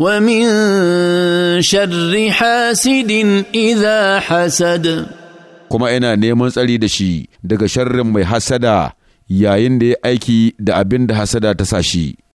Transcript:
ومن شر حاسد إذا حسد kuma ina neman tsari da shi daga sharrin mai hasada yayin da ya aiki da abin da hasada ta sa shi